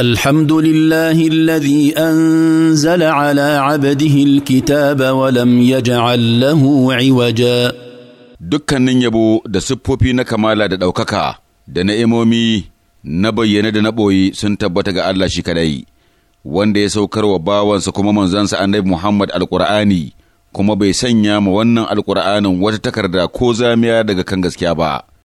الحمد لله anzala ala على عبده الكتاب ولم يجعل له عوجا dukkanin yabo da siffofi na kamala da ɗaukaka da na'imomi na bayyane da na ɓoye sun tabbatar ga Allah shi kadai wanda ya saukar wa bawansa kuma manzansa annabi Muhammad alƙur'ani kuma bai sanya ma wannan alƙur'anin wata takarda ko zamiya daga kan gaskiya ba